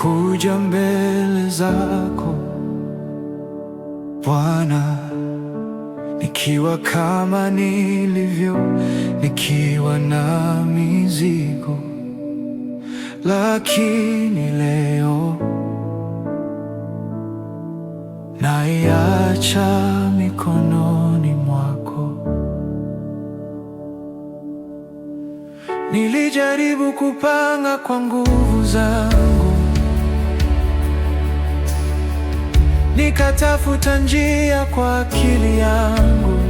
kuja mbele zako Bwana, nikiwa kama nilivyo, nikiwa na mizigo, lakini leo naiacha mikononi mwako. Nilijaribu kupanga kwa nguvu zangu nikatafuta njia kwa akili yangu,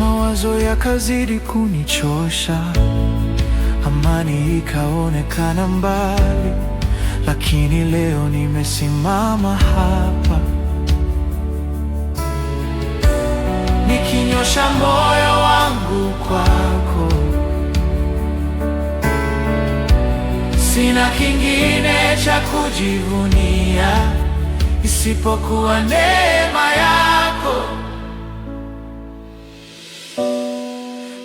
mawazo yakazidi kunichosha, amani ikaonekana mbali, lakini leo nimesimama hapa nikinyosha moyo wangu kwa Sina kingine cha kujivunia isipokuwa neema yako.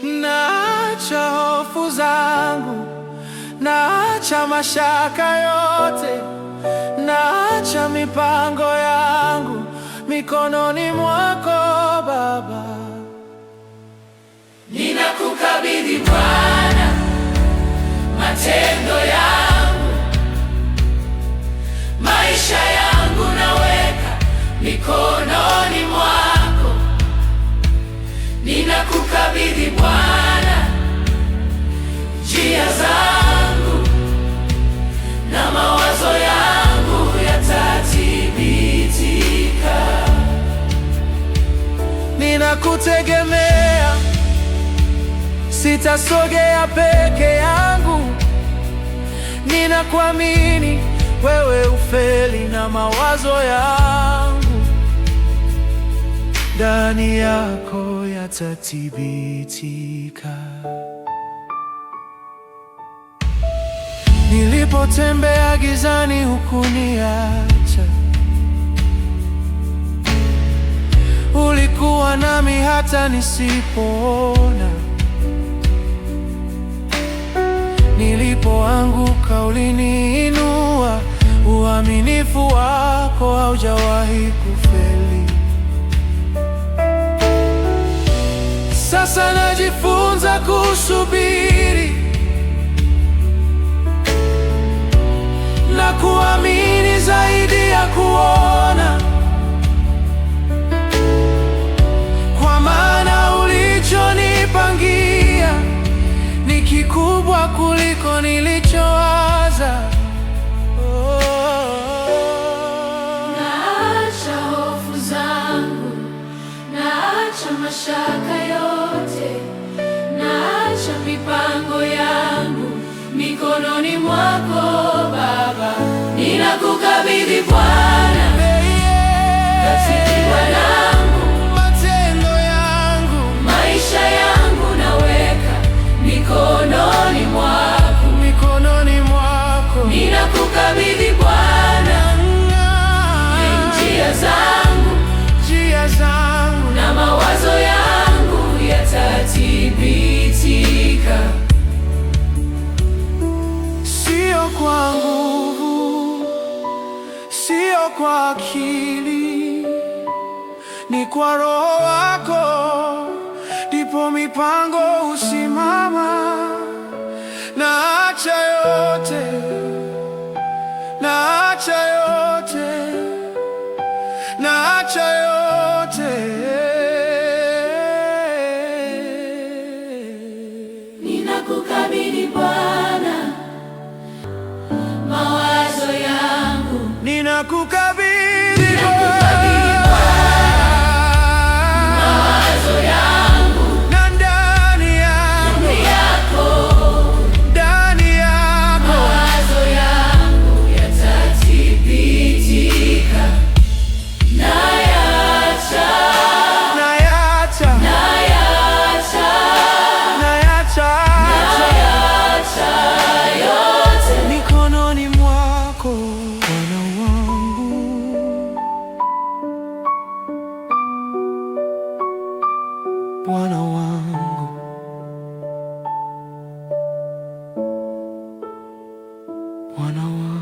Naacha hofu zangu, naacha mashaka yote, naacha mipango yangu mikononi mwako Baba, ninakukabidhi Bwana matendo ya mikononi mwako, ninakukabidhi Bwana njia zangu na mawazo yangu yatathibitika. Ninakutegemea, sitasogea peke yangu, ninakuamini wewe ufeli na mawazo yangu ndani yako yatathibitika. Nilipotembea gizani, hukuniacha, ulikuwa nami hata nisipoona. Nilipoanguka, uliniinua. Uaminifu wako haujawahi kufeli. Sasa najifunza kusubiri na kuamini zaidi ya kuona, kwa maana ulichonipangia ni kikubwa kuliko nili Tosha mipango yangu mikononi mwako Baba, ninakukabidhi Bwana, yeah, yeah. kwa akili, ni kwa Roho wako ndipo mipango husimama. Naacha yote, naacha yote, naacha yote, ninakukabidhi Bwana mawazo yangu, ninakuka wanawake